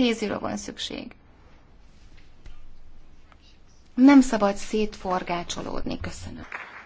Vízióra van szükség. Nem szabad szétforgácsolódni. Köszönöm.